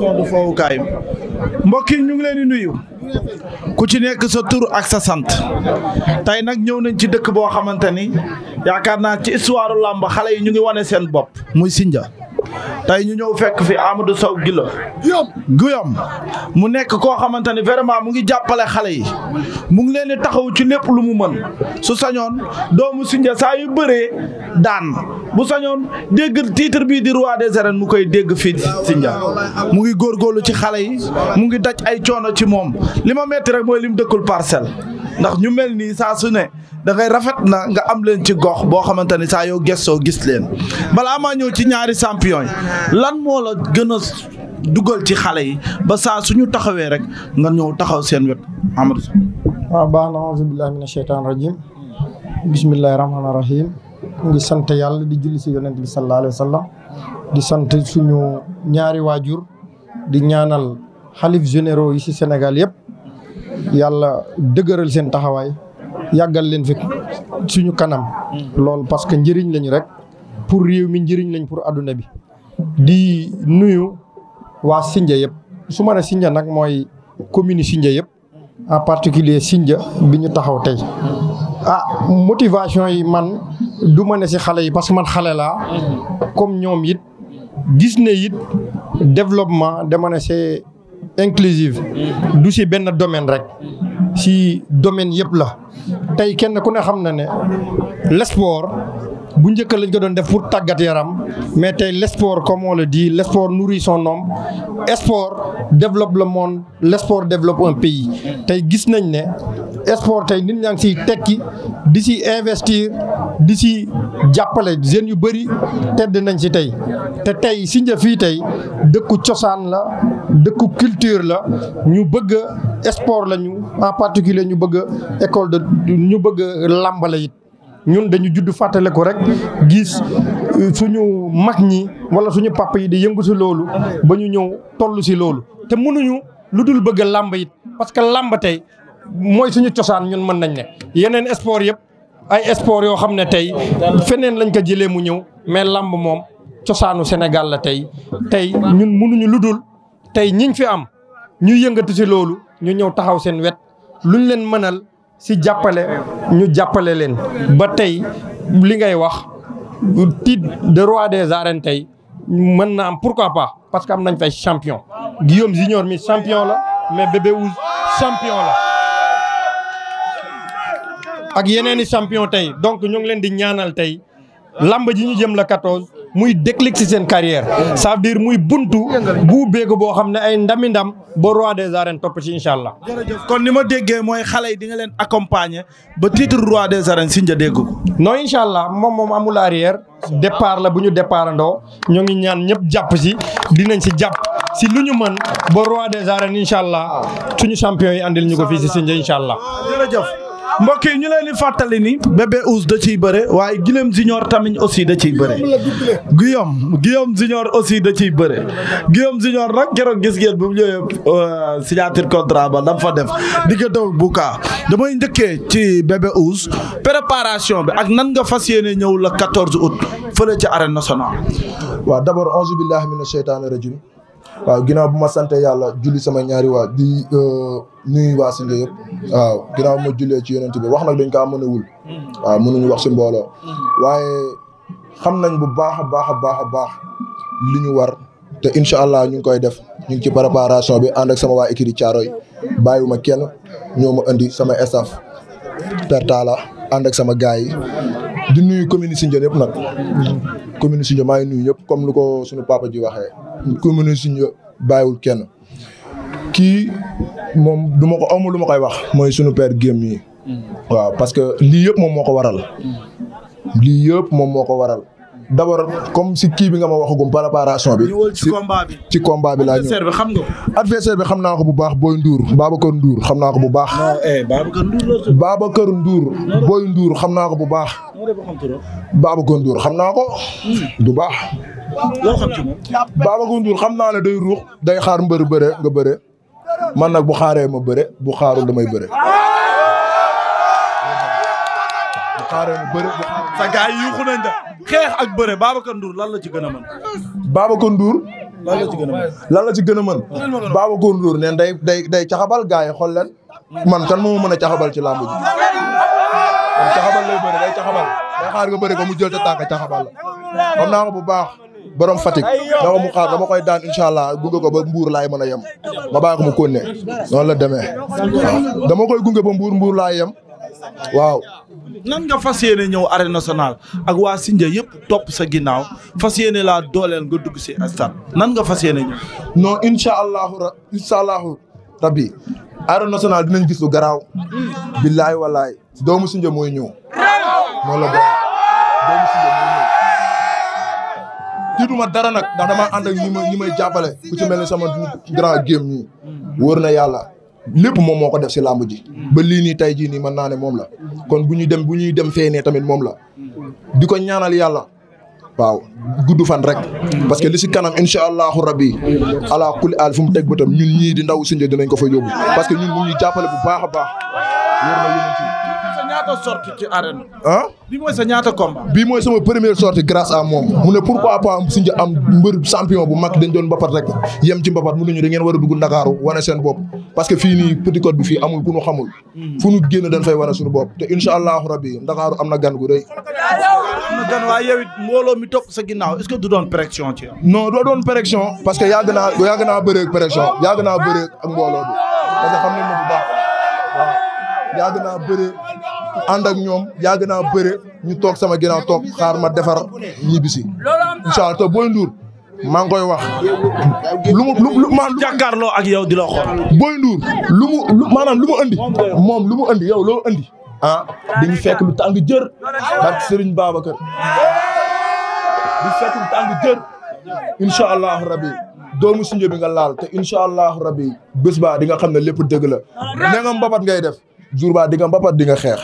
toolu foowukaay mbokk yi ñu di nuyu ku ci nekk sa tur ak sa sant tey nag ñëw nañ ci dëkk boo xamante ni yaakaar naa ci histoire làmba xale yi ñu ngi wane seen bopp muy Sinja tey ñu ñëw fekk fi Amadou Sow Gilo guyam mu nekk koo xamante ni vraiment mu ngi jàppale xale yi mu ngi leen di taxaw ci lépp lu mu mën su sañoon doomu Sindia saa yu bëree daan bu sañoon dégg titre bii di roi des arènes mu koy dégg fii Sindia mu ngi góorgóorlu ci xale yi mu ngi daj ay coono ci moom li ma metti rek mooy lim dëkkul parcelle ndax ñu mel nii saa su ne dangay rafet na nga am leen ci gox boo xamante ne saa yoo gestoo gis leen balaa amaa ñëw ci ñaari champion yi lan moo la gën a dugal ci xale yi ba saa suñu taxawee rek nga ñëw taxaw seen wet Amadou Sow waaw baax na auzu billahi mina sheytaan rajim bismillahi rahmaani rahim ngi sant yàlla di julli si yonent bi sallallahu alayhi wa di sant suñu ñaari waajur di ñaanal xalif généraux yi si senegal yëpp yàlla dëgëral seen taxawaay yàggal leen fi suñu kanam. loolu parce que njëriñ lañu rek pour réew mi njëriñ lañ pour adduna bi. di nuyu waa Sindia yëpp su ma ne sinja nag mooy commune Sindia yëpp en particulier Sindia bi ñu taxaw tey. ah motivation yi man du ma ne si xale yi parce man xale laa. comme ñoom it gis ne développement dama ne c'est inclusive du si benn domaine rek si domaine yëpp la tey kenn ku ne xam na ne le bu njëkk lañ ko doon def pour tàggat yaram mais tey le sport comme on le dit le sport nourrit son homme sport développe le monde le sport développe pays tey gis nañ ne sport tey nit ñaa ngi siy tekki di ci investir di ci jàppale jeunes yu bëri tedd nañ si tey te tey si Sinja fii tey dëkku cosaan la dëkku culture la ñu bëgg sport la ñu en particulier ñu bëgg école de ñu bëgg làmbale it ñun dañu juddu fàttale ko rek gis euh, suñu mag ñi wala suñu papa yi di yëngu si loolu ba ñu ñëw tollu si loolu te mënuñu lu dul bëgg làmb it parce que làmb tey mooy suñu cosaan ñun mën nañ ne yeneen sport yëpp ay sport yoo xam ne tey feneen lañ ko jëlee mu ñëw mais làmb moom cosaanu Sénégal la tey tey ñun mënuñu lu dul tey ñiñ fi am ñu yëngatu si loolu ñu ñëw taxaw seen wet lu luñ leen mënal si jàppale ñu jàppale leen ba tey li ngay wax titre de roi des arènes tey mën na am pourquoi pas parce que am nañ fay champion Guillaume Junior mi champion la mais Bébé Ouz champion la ak yeneen i champion tey donc ñoo ngi leen di ñaanal tey lamb ji ñu jëm la muy déclic ci seen carrière ça veut dire muy buntu bu beegu boo xam ne ay ndami ndam ba roi des arènes topp ci incha allah. kon ni ma déggee mooy xale yi di leen accompagner ba titre roi des arènes si nga dégg ko. non incha allah moom moom amul arrière départ la bu ñu départ ndoo ñoo ngi ñaan ñëpp jàpp si dinañ si jàpp si lu ñu mën boo roi des arènes incha allah suñu champion yi andil ñu ko fii si Sinja incha allah. mbokk yi ñu leen di fàttali ni bébé Ouz da ciy bëre waaye Guillaume Junior tamit aussi da ciy bëre Guillaume Guillaume Junior aussi da ciy bëre Guillaume Junior nag keroog gis ngeen bu mu ñëwee euh, signature contrat ba dam fa def diggante ak Bouka damay njëkkee ci bébé Ouz préparation bi ak nan nga fas yéene ñëw la 14 août fële ci arène nationale waaw d'abord auzu billahi mina sheytaani rajim waaw ginnaaw bu ma sante yàlla julli sama ñaari waa di euh, nuyu waa Sindia yëpp waaw ginnaaw bu ma jullee ci yonent bi wax nag dañ kaa mën a wul waaw mënuñu wax si mbooloo waaye xam nañ bu baax a baax a baax a baax li ñu war te incha allah ñu ngi koy def ñu ngi ci préparation bi ànd sama waa équipe Thiaroye ma kenn ñoo ma indi sama staff pertala ànd ak sama gars yi di nuyu commune Sindia yëpp nag commune Sindia maa ngi nuyu ñëpp comme lu ko suñu papa ji waxee commune Sindia bàyyiwul kenn kii moom du ma ko amul lu ma koy wax mooy suñu per Guéme yi mm. waaw parce que lii yëpp moom moo ko waral mm. lii yëpp moom moo ko waral d' comme si kii bi nga ma waxagum préparation bi. ci bi ci combat bi laa adversaire bi xam nga ko. bi xam naa ko bu baax Boy Ndour. Babacar Ndour xam naa ko bu baax. non eh Babacar Boy Ndour xam naa ko bu baax. Babacar Ndour xam naa ko. Hmm. du baax. loo xam xam naa ne day ruux. day xaar mbër bëre nga bëre. man nag bu xaaree ma bëre bu xaarul damay bëre. xaaral mu bëre. sa gars yi ak bëre Babacar lan la ci gën a mën. Babacar Ndour. lan ci gën a lan la ci gën a mën. Babacar Ndour neen day day day caxabal gars yi xool leen. man kan moo mën a caxabal ci làmb ji. man caxabal lay bëre day xaar nga bëre ko mu jël te tànk caxabal la xam naa bu baax. borom Fatick dama mu xaar dama koy daan incha allah gunge ko ba mbuur laay mën a yem ma bàyyi ko mu konne noonu la demee dama koy gunge ba mbuur mbuur laay yem waaw. nan nga fas yéene ñëw arène nationale ak waa Sinja yëpp topp sa ginnaaw fas yéene laa dooleel nga dugg si stade nan nga fas yéene ñëw. non incha allahu ra rabbi arène nationale dinañ gis lu garaaw. Hmm. billaay walaay doomu Sinja mooy ñëw. noonu la garaaw doomu Sinja dara nag ndax dama ànd ak ñi may ñi jàppale ku ci mel ni sama grand game ñi hmm. wóor na yàlla. lépp moom moo ko def si làmb ji. ba lii nii tey jii nii mën naa ne moom la. kon bu ñuy dem bu ñuy dem nee tamit moom la. di ko ñaanal yàlla. waaw gudd fan rek. parce que li si kanam incha allahu rabbi ala kulli al fu mu teg bëtam ñun ñii di ndaw Sindia dinañ ko fa yóbbu. parce que ñun mu ngi jàppale bu baax a baax. ñaata sortie ci arène. ah bii mooy sa ñaata combat. bii mooy sama première sortie grâce à moom mu ne pourquoi pas suñ ci am mbër champion bu mag dañ doon mbapat rek yem ci mbapat mu ne ñu da war a dugg Ndakaaru wane seen parce que fii nii Petit Côte amul ku ñu xamul. Hmm. fu ñu génn dañ fay wane suñu te incha allahu rabi Ndakaaru am na gan gu rëy. am mi topp sa ginnaaw est que du doon pression parce que yàgg naa yàgg naa bëree ak pression yàgg naa bëree ak mbooloo bi parce que xam ànd ak ñoom yàgg naa bëre ñu toog sama ginnaaw toog xaar ma defar ñibbisi incha allah te Boy Ndour maa ngi koy wax lu mu lu maanaam ak yow di la booy Boy lu mu maanaam lu mu andi moom lu mu andi yow loo andi ah dañu fekk lu tàng jër barke Serigne Babacar di fekk lu tàng jër incha allahu rabbi doomu sunjë bi nga laal te incha allah rabbi bés ba di nga xam ne lépp dëgg la ne nga mbabat ngay def jour ba di nga mbapat di nga xeex.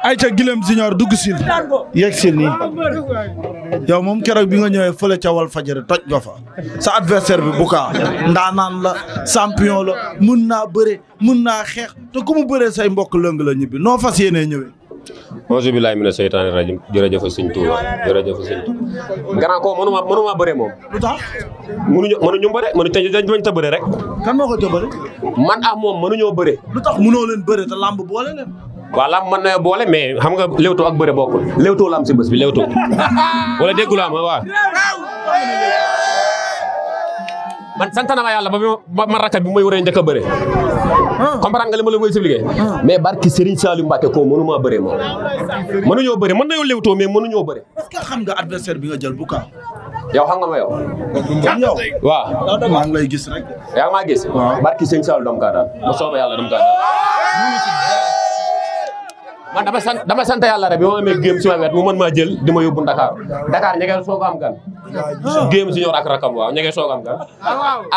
Aïcha Guilhem Junior dugg si. yegg si nii yow moom keroog bi nga ñëwee fële ca wal fajari toj nga sa adversaire bi bu kaa ndaanaan la champion la mun naa bëre mun naa xeex te ku mu bëree say mbokk lëng la ñibbi noo fas yéenee ñëwee. auzu billaahi mina seytaani rajim jërëjëf sëñ Tuuba jërëjëf sëñ Tuuba grand ko mënuma mënuma bëre moom lu tax mënuñu mënuñu bëre mënu tëj dañ bañ ta bëre rek kan moo ko ta bëre man ak moom mënuñoo bëre lu tax mënoo leen bëre ta làmb boole leen waaw làmb mën na boole mais xam nga léewtoo ak bëre bokkul léewtoo la am si bés bi léewtoo wala déggu laa ma man sant na ma yàlla ba ma ma rakkat bi may war a njëkk a bëree. Ah. comprendre nga li ma la koy expliquer. Ah. mais barki Serigne Saliou Mbacké koo mënuma bëree moom. mënuñoo bëree mën nañoo léwtoo mais mënuñoo bëree. ñoo ce que xam nga adversaire bi nga jël bu yow xam nga ma yow. yow waaw. maa ngi lay gis rek. yaa ngi maa gis. waaw barki Serigne Saliou dama kaa daan. yàlla dama kaa man dama sant dama sant yàlla rek bi ma amee géem si ma wet mu mën maa jël di ma yóbbu Dakar Dakar ña ngeen a am gan. géem si ñor ak rakam waaw ña ngeen soog a am gan.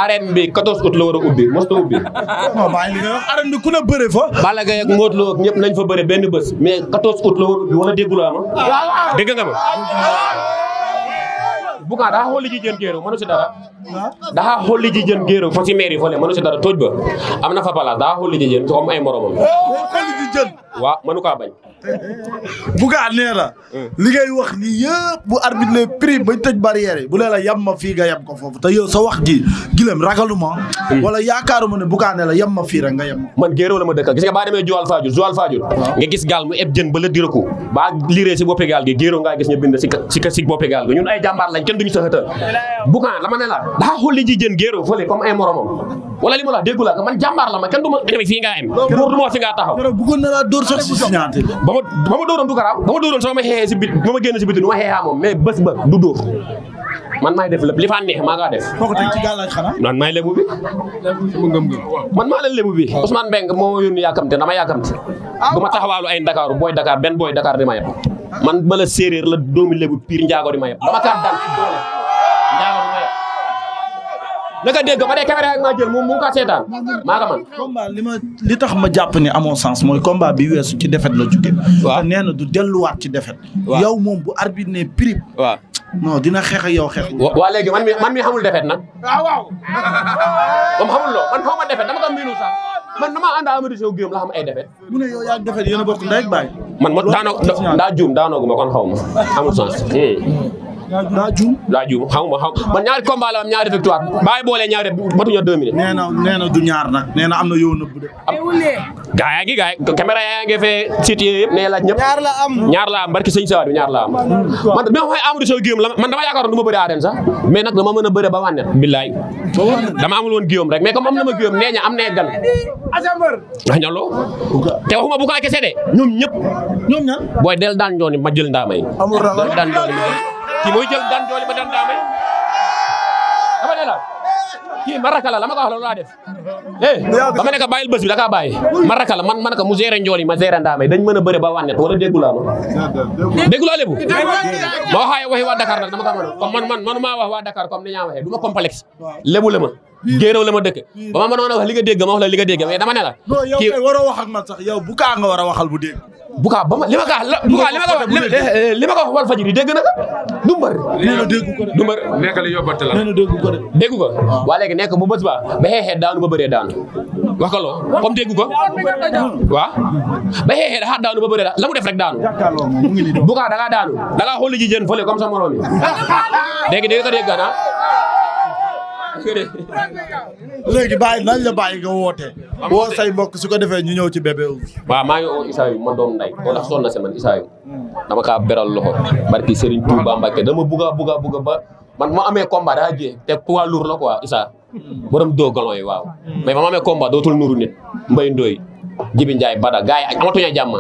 arène bi la war ubbi mosut a ubbi. non maa ngi arène bi ku ne bëre fa. Balla Gaye ak Modou Lo ak ñëpp nañ fa bëre benn bés mais 14 août la war a ubbi wala déggulaa ma. dégg nga ma. Boucar daa xooli ji jën géero mënu si dara. daa xooli ji jën géero fa si mairie fële mënu si dara tóoj ba am na fa place daa xooli ji jën comme jël. waaw mënu kaa bañ. bugaa nee la. Hmm. li ngay wax nii yëpp bu arbitre le prix bañ tëj barrière yi bu lee la yem ma fii nga yem ko foofu te yow sa wax ji Guilem ragaluma. Hmm. wala yaakaaruma ne bugaa nee la yem ma fii rek nga yem ma. man géeroo la ma dëkkal gis nga baa demee Joal Fadiouth Joal Fadiouth. nga gis gaal mu eb jën ba la diraku. baa liiree si boppi gaal gi géeroo ngaa gis ñu bind si si si boppi gaal gi ñun ay jàmbaar lañ kenn duñu sa xëtal. bugaa la ma ne daa jën géeroo fële comme ay moromam wala li mu la déggu la man jàmbaar la man kenn du ma demee fii ngaa em dóor du ma wax fi ngaa taxaw bëggoon na laa dóor sax si signature ba ma ba ma du karaaw ba ma dóoroon sama ma ma génn si biti du ma xeexaa mais bés ba du dóor man maay def lépp li fa neex maa ngaa def. kooku teg ci gàllaaj xanaa. man maay lébu man maa leen lébu bi. Ousmane Mbengue moo yónni yàkkamte dama yàkkamte. du ah. ma taxawaalu ay Ndakaaru booy Dakar benn booy Dakar di ma yeb. man ma la séeréer la doomi lébu pire njaago di ma yeb. dama kaa daan doole. naka dégg ko dee caméra maa jël moom mu ngi ko seetaan maa ko ma li tax ma jàpp ni amoo sance mooy combat bi weesu ci defet la jóge waaw nee na du delluwaat ci defet yow moom bu arbitre ne prib waaw non dina xeex ak yow xeex waa léegi man mi man mi xamul defet na waaw ah, waaw moom xamul loo man xaw ma defet dama ko miinu sax man dama ànd Amadou Sow Guèyeum la xam ay defet mu ne yow yaa defet yéen a bokk ndey baay man ma daanoo daa juum daanoo gu ma kon xaw ma amul sens hmm. daa juum daa juum xam nga xam man ñaari combat la am ñaari victoire bàyyi boole ñaari matuñu deux minutes. nee na nee am na yow nëbb de. gaa yaa ngi gaa yi caméra yaa ngi ñaar la am ñaar la am barki sëñ Sawaat bi ñaar la am. ma waxee Amadou Sow géem la man dama ma bëri arène sax mais nag dama mën a bëri ba wànnet billaay dama amul woon géem rek mais comme am na ma géem nee ña am nee gan. ndax ñaloo te waxuma bu kaa kese de ñoom del daan ñooni ma jël ndaamay. kii mooy jël daan joole ba daan daamay dama ne la kii maraka la la ma ko wax loolu laa def ba eh, ma ne ko bàyyil bés bi da kaa bàyyi maraka la mu gérer njool yi ma gérer ndaamay dañ mën a bëre ba wàññet wala déggu laa ma déggu laa lébu ma waxaaye waxi waa Dakar nag dama ko mën comme man man man maa wax waa Dakar comme ni ñaa waxee du ma complexe lébu la ma géeréw la ma dëkk ba ma mënoon a wax li nga dégg ma wax la li nga dégg mais dama ne la kii waroo wax ak man sax yow bu kaa nga war a waxal bu dégg bu kaa ba ma li ma kaa bu kaa li ma ko li ma ko wax wal fajiri dégg na du mbër nee na dégg ko la nee na dégg ko de ko waa léegi nekk bu bés ba ba xeexee daanu ba bëree daanu wax ko loo comme dégg ko waaw ba xeexee daxaat daanu ba bëree daanu la mu def rek daanu bu kaa da ngaa daanu da ngaa xool ji jën fële comme sa morom yi dégg dégg léegi bàyyi nañ la bàyyi nga woote. woo say mbokk su ko defee ñu ñëw ci bébé Ouz. waaw maa ngi woo yu ma doom nday moo tax sonn na si man Issa yu dama kaa beral loxo. barki Serigne Touba Mbacke dama bugg a bugg a ba man ma amee combat daa jiyee te poids lourd la quoi Issa. borom doo galon yi waaw. mais ba ma amee combat dootul nuru nit mbay ndooy Jibi Ndiaye Bada gars yi amatuñu ay jàmm.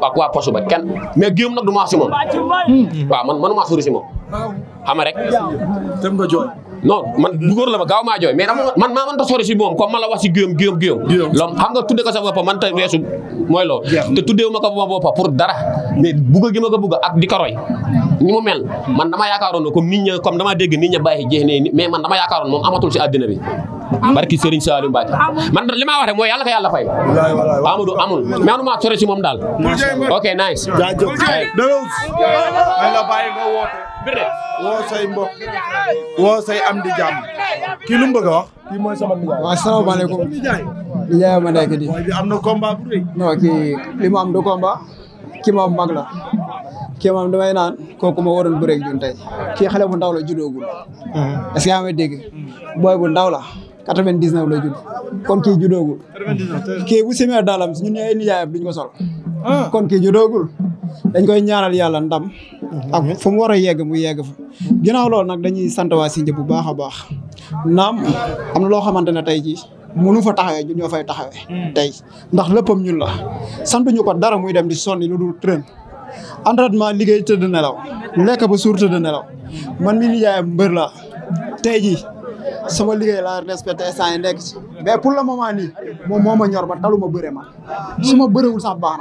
waa waa poche ba kenn mais Guillaume nag du ma hmm. wax si man ma wax si moom. xama rek. dem nga jooy. non man du góor la ma gaaw maa jooy mais dama man maa mënta sori si moom comme man la wax si géem géem géem. loolu xam nga tudde ko sa mooy loolu. te tuddeewu ma ko ma bopp pour dara. ak di ko mu mel man dama yaakaaroon ne comme nit si àddina bi. barki Serigne Saliou Mbacke man li ma wax rek mooy yàlla ko yàlla fay. Amadou amul mais anu maa sori si moom daal. ok nice. jaajëf woo say mbokk woo say am di jàmm kii lu mu bëgg a wax. kii mooy sama nijaay. waaw salaamaaleykum. nijaay ma nekk di. am na combat kii li mu am du combat. kii ma mbag la. kii moom damay naan kooku ma waroon bëreeg ñun tey kii xale bu ndaw la judoogul. Uh-huh. est-ce que mm. booy bu ndaw la. 99 la judd kon kii judoogul. 99 kii bu semee daalam ñun ñooy nijaayam duñ ko sol. Ah. kon kii judoogul. dañ koy ñaanal yàlla ndam. ak fu mu war a yegg mu yegg fa. ginnaaw lool nag dañuy sant waa Sindia bu baax a baax naam am na loo xamante ne tey jii munu fa taxawee ñun ñoo fay taxawee. Hmm. tey ndax léppam ñun la sant ñu ko dara muy dem di sonni lu dul train entraînement liggéey tëdd nelaw lekk ba suur tëdd nelaw man mi nijaayam mbër la tey jii sama liggéey la laa respecté saa yi nekk ci mais pour le moment ni moom moom a ñor ba taluma bëre ma su ma bërewul sax baax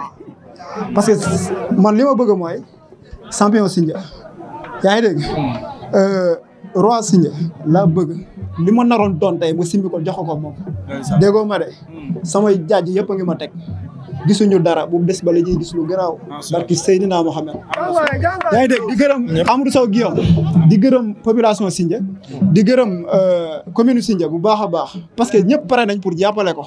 parce que man li ma bëgg mooy champion Sindia yaa ngi dégg euh, roi Sindia laa bëgg li ma naroon doon tey mu simbi ko jox ko moom. déggoo ma de hmm. samay jaaj yëpp a ngi ma teg gisuñu dara bu des bala la ñuy gis lu garaaw. Ah, barki Seydina Mohamed. Ah, ah, yaa ngi dégg di gërëm Amadou Sow Guillaume di gërëm population Sindia di gërëm euh, commune Sindia bu baax a baax parce que ñëpp pare nañ pour jàppale ko.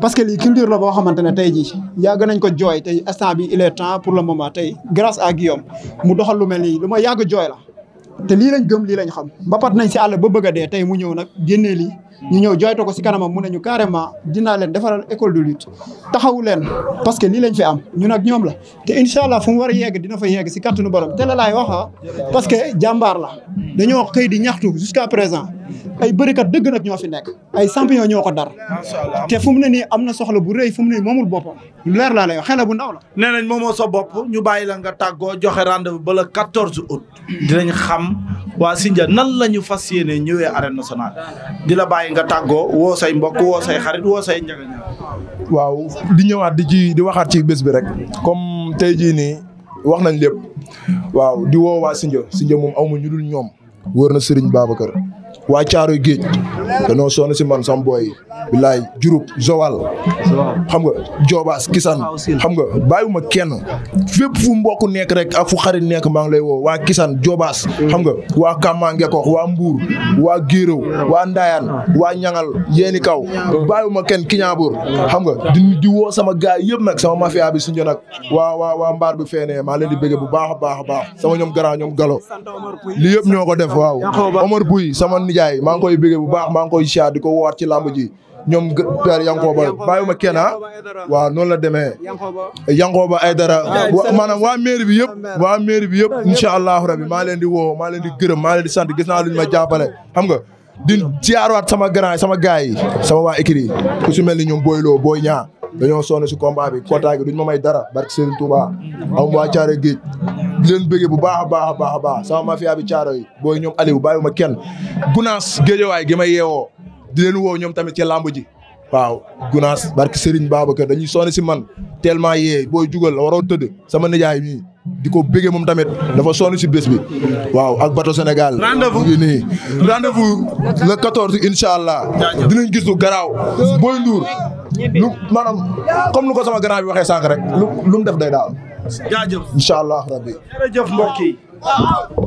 parce que lii culture la boo xamante ne tey jii yàgg nañ ko jooy tey instant bi il temps pour le moment tey grâce à Guillaume mu doxal lu mel nii lu ma yàgg jooy la. te lii lañ gëm lii lañ xam mbapat nañ si àll ba bëgg a dee tey mu ñëw nag génnee lii ñu ñëw jooytu ko si kanamam mu ne ñu carrément dinaa leen defaral école de lutte taxawu leen parce que lii lañ fi am ñu ak ñoom la te incha allah fu mu war a yegg dina fa yegg si kàttanu borom te la laay waxa ah, parce que jàmbaar la dañoo xëy di ñaxtu jusqu'à présent ay bërikat dëgg nag ñoo fi nekk ay champion ñoo ko dar te fu ne nii am na soxla bu rëy fu mu ne nii moomul boppam leer laa lay wax xel bu ndaw la nee nañ moomoo sa bopp ñu bàyyi la nga tàggoo joxe rendez-vous ba le quatorze dinañ xam waa Sindia nan la ñu fas yéene ñëwee arène nationale di la bàyyi nga tàggoo woo say mbokk woo say xarit woo say njëgañ. waaw di ñëwaat di ci di waxaat ci bés bi rek comme tey jii nii wax nañ lépp waaw di woo waa Sinja Sinja moom aw ma ñu dul ñoom. wër na Serigne Babacar waa Caaroy Géej danoo sonn si man sam booy bilaay Diouroup Joal xam nga Joobaas Kisan xam nga ma kenn fépp fu mbokk nekk rek a fu xarit nekk maa ngi lay woo waa Kisan Joobaas xam nga waa Kàmmaa Ngekox waa Mbuur waa Géeréw waa Ndaayaan waa Ñangal Yéeni Kaw ma kenn Kiñaabour xam nga di di sama gaay yëpp nag sama mafia bi suñu nag waa waa waa mbaar bi feenee maa leen di bëgg bu baax a baax a baax sama ñoom garant ñoom galo lii yëpp ñoo ko def waaw Omar Buy sama Ndiaye maa ngi koy bu baax maa ngooy koy di ko woowaat ci làmb ji ñoom père Yankoba bàyyiwuma kenn waa ah. waaw la demee Yankoba ay dara maanaam waa mairie bi yëpp waa mairie bi yëpp incha allahu rabi maa leen di woo maa leen di gërëm maa leen di sant gis naa lu ñu ma jàppale xam nga di siyaarwaat sama grand sama gars yi sama waa écrit ku si mel ni ñoom Boy Lo Boy Niang dañoo sonn si combat bi kootaay gi duñ ma may dara barke Serigne Touba am waa Thiaré Géej di leen bëggee bu baax a baax a baax a baax sama mafia bi caaro yi booy ñoom Aliou ma kenn gunaas géejawaay gi ma yeewoo di woo ñoom tamit ce làmb ji waaw gunaas barke Serigne Babacar dañuy sonn si man tellement yee booy jugal la waroo tëdd sama nijaay mii di ko bëggee moom tamit dafa sonn si bés bi waaw ak bato Sénégal. rendez-vous ngi nii rendez-vous incha allah. dinañ gis lu garaaw booy Ndour. lu maanaam comme nu ko sama garaaw bi waxee sànq rek lu lu mu def day daal. jaajëf incha allah rabbi jërëjëf mbokk yi